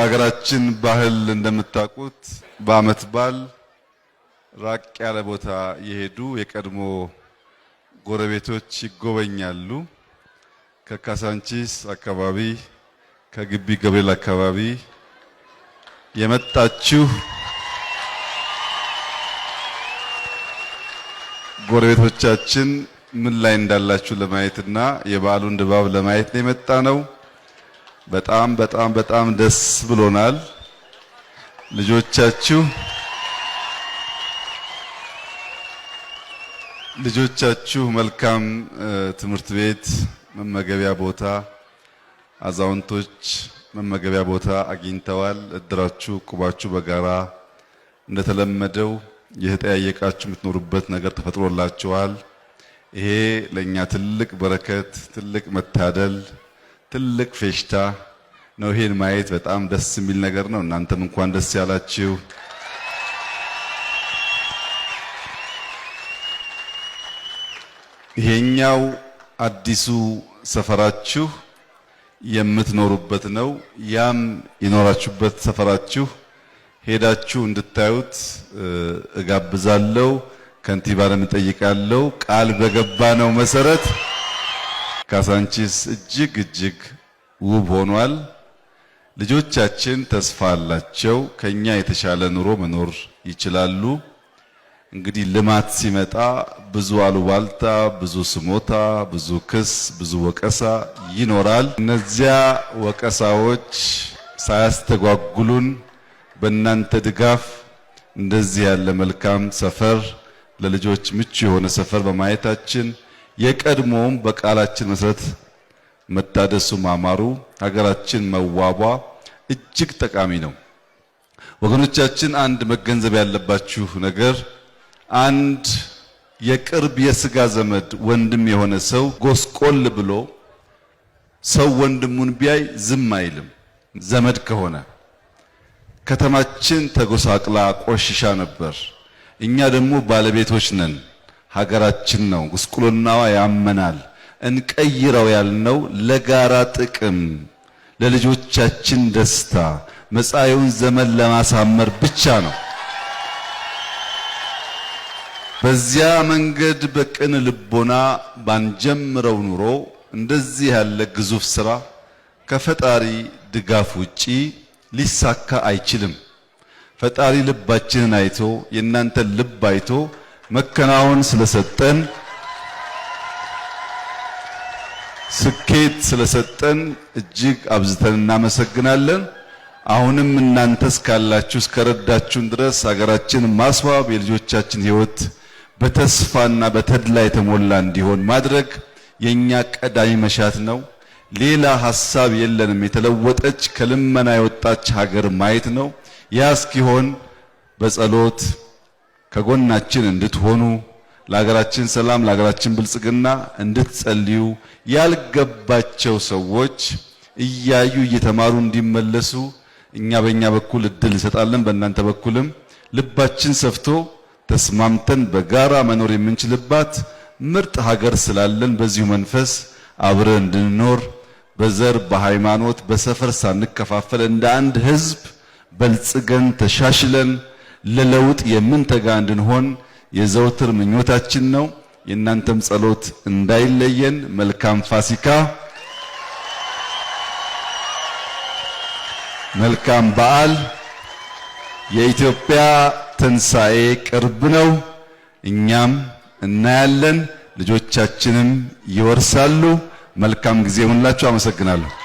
በሀገራችን ባህል እንደምታውቁት በዓመት በዓል ራቅ ያለ ቦታ የሄዱ የቀድሞ ጎረቤቶች ይጎበኛሉ። ከካሳንቺስ አካባቢ፣ ከግቢ ገብርኤል አካባቢ የመጣችሁ ጎረቤቶቻችን ምን ላይ እንዳላችሁ ለማየትና የበዓሉን ድባብ ለማየት ነው የመጣ ነው። በጣም በጣም በጣም ደስ ብሎናል። ልጆቻችሁ ልጆቻችሁ መልካም ትምህርት ቤት፣ መመገቢያ ቦታ፣ አዛውንቶች መመገቢያ ቦታ አግኝተዋል። እድራችሁ ቁባችሁ በጋራ እንደተለመደው የተጠያየቃችሁ የምትኖሩበት ነገር ተፈጥሮላችኋል። ይሄ ለእኛ ትልቅ በረከት፣ ትልቅ መታደል ትልቅ ፌሽታ ነው። ይሄን ማየት በጣም ደስ የሚል ነገር ነው። እናንተም እንኳን ደስ ያላችሁ። ይሄኛው አዲሱ ሰፈራችሁ የምትኖሩበት ነው። ያም የኖራችሁበት ሰፈራችሁ ሄዳችሁ እንድታዩት እጋብዛለሁ። ከንቲባንም እጠይቃለሁ። ቃል በገባ ነው መሰረት ካሳንቺስ እጅግ እጅግ ውብ ሆኗል። ልጆቻችን ተስፋ አላቸው። ከኛ የተሻለ ኑሮ መኖር ይችላሉ። እንግዲህ ልማት ሲመጣ ብዙ አሉባልታ፣ ብዙ ስሞታ፣ ብዙ ክስ፣ ብዙ ወቀሳ ይኖራል። እነዚያ ወቀሳዎች ሳያስተጓጉሉን በእናንተ ድጋፍ እንደዚህ ያለ መልካም ሰፈር ለልጆች ምቹ የሆነ ሰፈር በማየታችን የቀድሞውም በቃላችን መሰረት መታደሱ ማማሩ ሀገራችን መዋቧ እጅግ ጠቃሚ ነው። ወገኖቻችን አንድ መገንዘብ ያለባችሁ ነገር አንድ የቅርብ የስጋ ዘመድ ወንድም የሆነ ሰው ጎስቆል ብሎ ሰው ወንድሙን ቢያይ ዝም አይልም። ዘመድ ከሆነ ከተማችን ተጎሳቅላ ቆሽሻ ነበር። እኛ ደግሞ ባለቤቶች ነን። ሀገራችን ነው። ጉስቁልናዋ ያመናል። እንቀይረው ያልነው ለጋራ ጥቅም፣ ለልጆቻችን ደስታ፣ መጻኤውን ዘመን ለማሳመር ብቻ ነው። በዚያ መንገድ በቅን ልቦና ባንጀምረው ኑሮ እንደዚህ ያለ ግዙፍ ስራ ከፈጣሪ ድጋፍ ውጪ ሊሳካ አይችልም። ፈጣሪ ልባችንን አይቶ የእናንተን ልብ አይቶ መከናወን ስለሰጠን ስኬት ስለሰጠን እጅግ አብዝተን እናመሰግናለን። አሁንም እናንተ እስካላችሁ እስከረዳችሁን ድረስ ሀገራችን ማስዋብ የልጆቻችን ሕይወት በተስፋና በተድላ የተሞላ እንዲሆን ማድረግ የእኛ ቀዳሚ መሻት ነው። ሌላ ሀሳብ የለንም። የተለወጠች ከልመና የወጣች ሀገር ማየት ነው። ያ እስኪሆን በጸሎት ከጎናችን እንድትሆኑ ለሀገራችን ሰላም ለሀገራችን ብልጽግና እንድትጸልዩ ያልገባቸው ሰዎች እያዩ እየተማሩ እንዲመለሱ እኛ በእኛ በኩል እድል እንሰጣለን። በእናንተ በኩልም ልባችን ሰፍቶ ተስማምተን በጋራ መኖር የምንችልባት ምርጥ ሀገር ስላለን በዚሁ መንፈስ አብረን እንድንኖር በዘር በሃይማኖት፣ በሰፈር ሳንከፋፈል እንደ አንድ ሕዝብ በልጽገን ተሻሽለን ለለውጥ የምንተጋ እንድንሆን የዘውትር ምኞታችን ነው። የእናንተም ጸሎት እንዳይለየን። መልካም ፋሲካ፣ መልካም በዓል። የኢትዮጵያ ትንሣኤ ቅርብ ነው። እኛም እናያለን፣ ልጆቻችንም ይወርሳሉ። መልካም ጊዜ ሁንላችሁ። አመሰግናለሁ።